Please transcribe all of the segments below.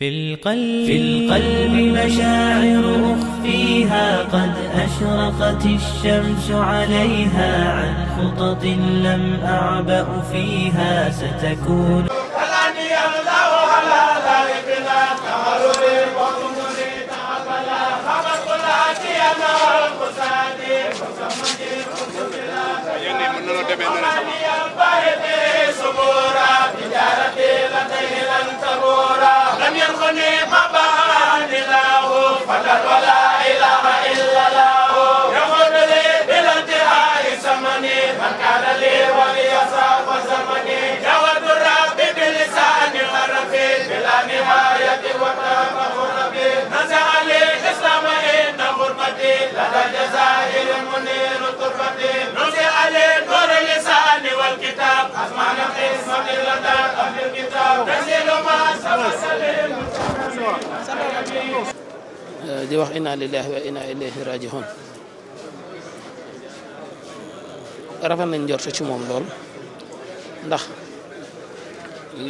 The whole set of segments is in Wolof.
في القلب في القلب مشاعر أخفيها قد أشرقت الشمس عليها عن خطط لم أعبأ فيها ستكون di wax inna lillahi wa inna ilayhi rajiun rafet nañ njort ci moom lool ndax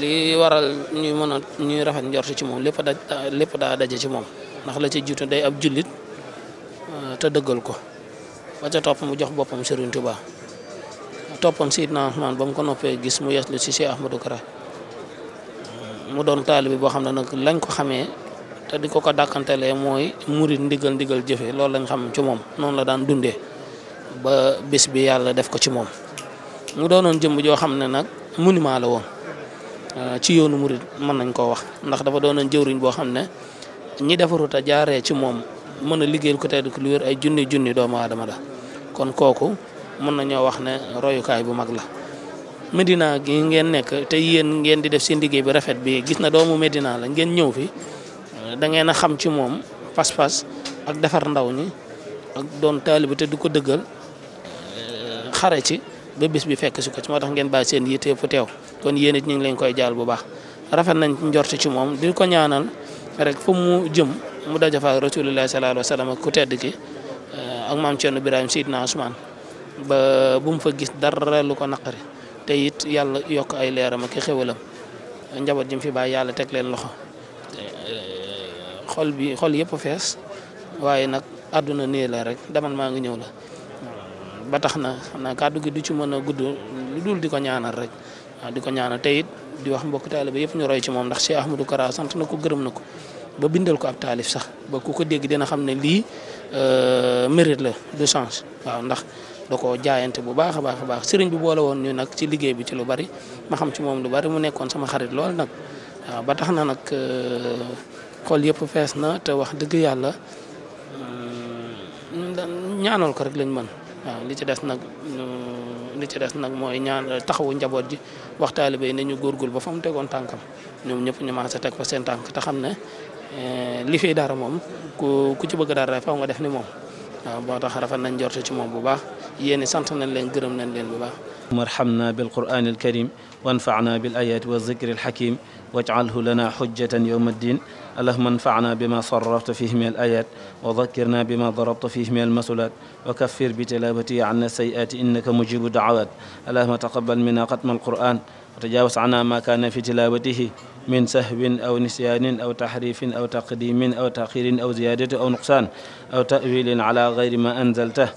li waral ñuy mën a ñuy rafet njort ci moom lépp daa daje ci moom ndax la ci jiitu day ab jullit euh, te dëggal ko ba ca topp mu jox boppam Serigne Touba toppam Seydina Ousmane ba mu ko noppee gis mu yeslu ci Cheikh Ahmadou Kara mu doon taalibe boo xam ne nag lañ ko xamee te di ko ko dàkkantelee mooy murit ndigal ndigal jëfe loolu lañ xam ci moom noonu la daan dunde ba bis bi yàlla def ko ci moom mu doonoon jëmm joo xam ne nag monument la woon euh, ci yoonu murit mën nañ koo wax ndax dafa doonoon jëwriñ boo xam ne ñi defarut a jaaree ci moom mën a liggéey ko tey di ko lu ay junni junni doomu aadama la kon kooku mën nañoo wax ne royukaay bu mag la Medina gi ngeen nekk te yéen ngeen di def seen liggéey bi rafet bi gis na doomu Medina la ngeen ñëw fi da ngeen a xam ci moom pas-pas ak defar ndaw ñi ak doon taalibe te du ko dëggal euh, xare ci ba bis bi fekk si ko ci moo tax ngeen ba seen yitte fu teew kon yéen it ñu leen koy jaal bu baax rafet nañ njort ci moom di ko ñaanal rek fu mu jëm mu daja fa ak rasulullah sallallahu alayhi wa sallam ku tedd ki euh, ak maam Cerno bu mu fa gis dara lu ko naqari te it yàlla yokk ay leeram ak xéwalam njaboot ji mu fi bàyyi yàlla teg leen loxo. xol bi xol yëpp fees waaye nag àdduna nii la rek demal maa ngi ñëw la ba tax na xam na kàddu gi du ci mën a gudd lu dul di ko ñaanal rek waaw di ko ñaanal teyit di wax mbokk taaliba yëpp ñu ci moom ndax Cheikh Ahmadou Kara sant na ko gërëm na ko ba bindal ko ab taalif sax ba ku ko dégg dina xam ne lii euh, mérite la du change waaw ndax da ko jaayante bu baax a baax a baax sëriñ bi boole woon ñu nag ci liggéey bi ci lu bari ma xam ci moom lu bari mu nekkoon sama xarit lool nag waaw ba tax na nag euh, xol yëpp fees na te wax dëgg yàlla mm, ñaanal ko rek lañ mën waaw li ci des nag li ci des nag mooy ñaan taxawu njaboot ji wax taalibe yi nañu góorgóorlu ba fa mu tegoon tànkam ñoom ñëpp ñu maase teg fa seen tànk te xam ne eh, li fi dara moom ku ci bëgg dara faw nga def ni moom waaw boo tax rafet nañ jortu ci moom bu baax yéen sant nañ leen gërëm nañ leen bu baax. warhamna bilqur'ani alkarim wanfa'na bil ayati wa dhikri alhakim waj'alhu lana hujjatan yawma ddin allahumma anfa'na bima sarrafta fihi min alayat wa dhakkirna bima darabta fihi min almasulat wa kaffir bi tilawati 'anna sayyi'ati innaka mujibu da'awat allahumma taqabbal minna khatma alqur'an وتجاوز عنا ما كان في تلاوته من سهو أو نسيان أو تحريف أو تقديم أو تأخير أو زيادة أو نقصان أو تأويل على غير ما أنزلته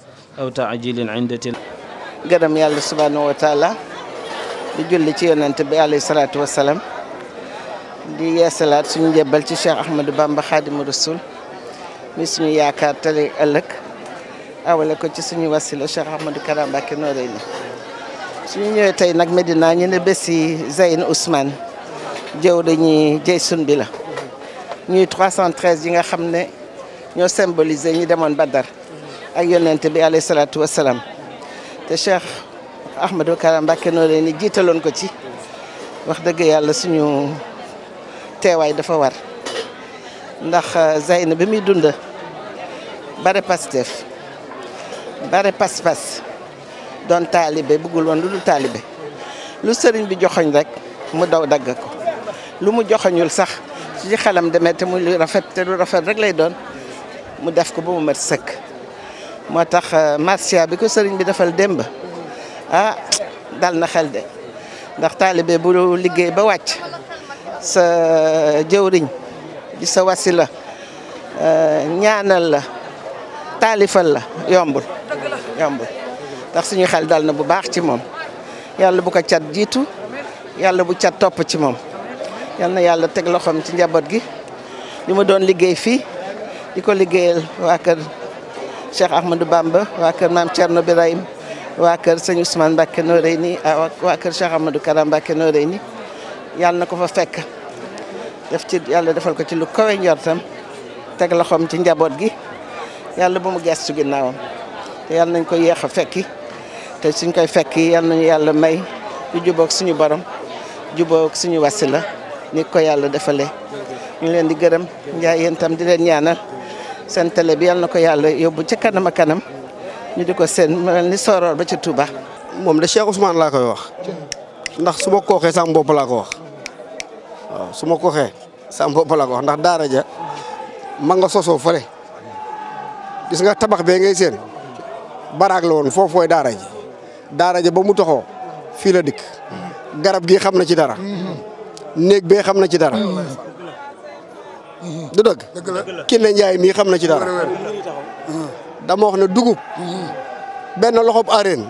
أو تعجيل عند تلاوته gërëm yàlla subhanahu wa taala di julli ci yonent bi alayhi salaatu wa salaam di yeesalaat suñu njëbbal ci Cheikh Ahmadou Bamba Xaadimu Rasul mi suñu yaakaar tali ëllëg awale ko ci suñu wasila Cheikh Ahmadou Karam Mbacké Noreyni suñu ñëwee tey nag Medina ñu ne bés yi Zeyne Ousmane jëw dañuy jëy sun bi la ñuy 313 yi nga xam ne ñoo symboliser ñi demoon Badar ak yonent bi alayhi salaatu wa te Cheikh Ahmadou Kara Mbacké noo leen ni jiitaloon ko ci wax dëgg yàlla suñu teewaay dafa war ndax euh, Zeyna bi muy dund bare Pastef bare pas-pas doon taalibe bëggul woon lu dul taalibe lu sëriñ bi joxoñ rek mu daw dagg ko lu mu joxoñul sax ci xelam demee te muy rafet te lu rafet rek lay doon mu def ko ba mu mat sëkk moo tax euh, marsia bi ko sëriñ bi defal demb ah dal na xel de ndax taalibe bu liggéey ba wàcc sa euh, jëwriñ di sa wasila euh, ñaanal la taalifal la yombul yombul ndax suñu xel dal na bu baax ci moom yàlla bu ko cat jiitu yàlla bu cat topp ci moom yal na yàlla teg loxoom ci njaboot gi ñu mu doon liggéey fii di ko liggéeyal waa kër Cheikh Ahmadou Bamba waa kër maam Thierno Birahim waa kër sëñ Ousmane Mbacke Noreyni ah, waa kër Cheikh Ahmadou Karam Mbacke Noreyni yàlla na ko fa fekk def ci yàlla defal ko ci lu kawe njortam teg loxoom ci njaboot gi yàlla bu mu gestu ginnaawam te nañ ko yéex a fekki te suñ koy fekki yàlla nañu yàlla may lu jubóog suñu borom jubóog suñu wasila ni ko yàlla defalee ñu leen di gërëm njaay di leen ñaanal seen tele bi yal na ko yàlla yóbbu ca kanam kanam ñu di ko seen mel ni soroor ba ci Touba. moom de Cheikh Ousmane laa koy wax ndax su ma kooxee sam bopp laa ko wax waaw su ma kooxee sam bopp laa wax ndax daara ja man nga sosoo fële gis nga tabax bee ngay seen baraag la woon foofu fooy daara ji daara ja ba mu taxoo fii la dikk garab gi xam na ci dara mhm. néeg bee xam na ci dara. du dëgg. dëgg la Kine mii xam na ci dara. dama wax ne dugub. benn loxob areen.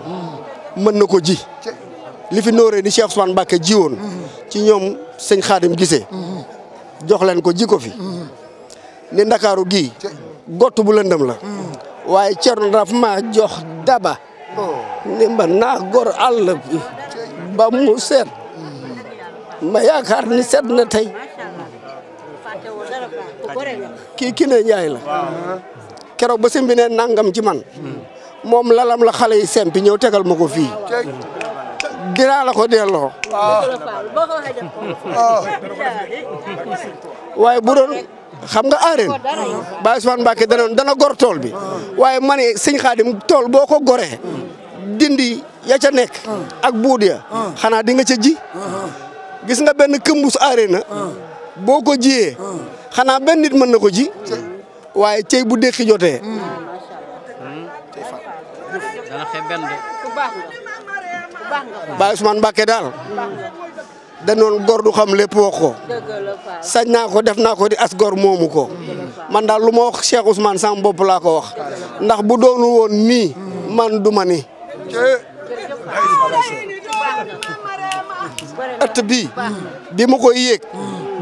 mën na ko ji. li fi nooree ni Cheikh Ousmane Mbacké ji woon. ci ñoom sëñ Xaadim gisee. jox leen ko ji ko fi. ni ndakaaru gii. gott bu lëndëm la. waaye Thierno daf ma jox daba. ni ma naa gor àll ba mu seet. ma yaakaar ni seet na tey. kii ki ne la keroog ba sëñ bi ne nangam ci man moom lalam la xale yi sempi ñëw tegal ma ko fii dinaa la ko delloo waaye bu doon xam nga aareen Baye Ousmane Mbacke danoon dana gor tool bi waaye ma ne sëñ Xaadim tool boo ko goree dindi ya ca nekk ak buud ya xanaa di nga ca ji gis nga benn këmbus aaree boo ko jiyee. xanaa benn nit mën na ko ji. waaye cey bu déqi jotee. dana xeeb benn daal. danoon gor du xam lépp wax ko. sañ naa ko def naa ko di as gor moomu ko. man daal lu ma wax Cheikh Ousmane sama bopp laa ko wax. ndax bu doonu woon nii. man du ma nii. ëtt bii bi ma koy yéeg.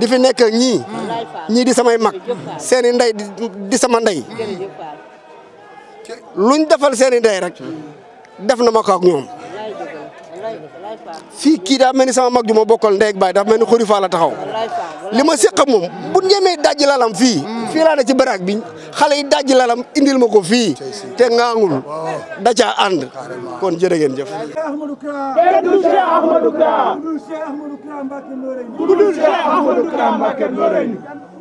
di fi nekk ñii ñii di samay mag seeni i ndey di sama ndey luñ defal seeni i ndey rek def na ma ko ñoom. fii kii daa mel ni sama mag ju ma bokkal ndey ak baay dafa mel ni xori faa la taxaw li ma séq ak moom bu ñemee dajji lalam fii fii laa ne ci baraag bi xale yi dajji lalam indil ma ko fii te ngaangul da a ànd kon jërë ngeen jëf Ahmadou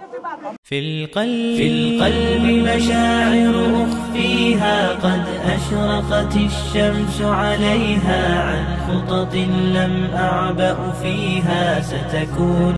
في القلب في القلب مشاعر أخفيها قد أشرقت الشمس عليها عن خطط لم أعبأ فيها ستكون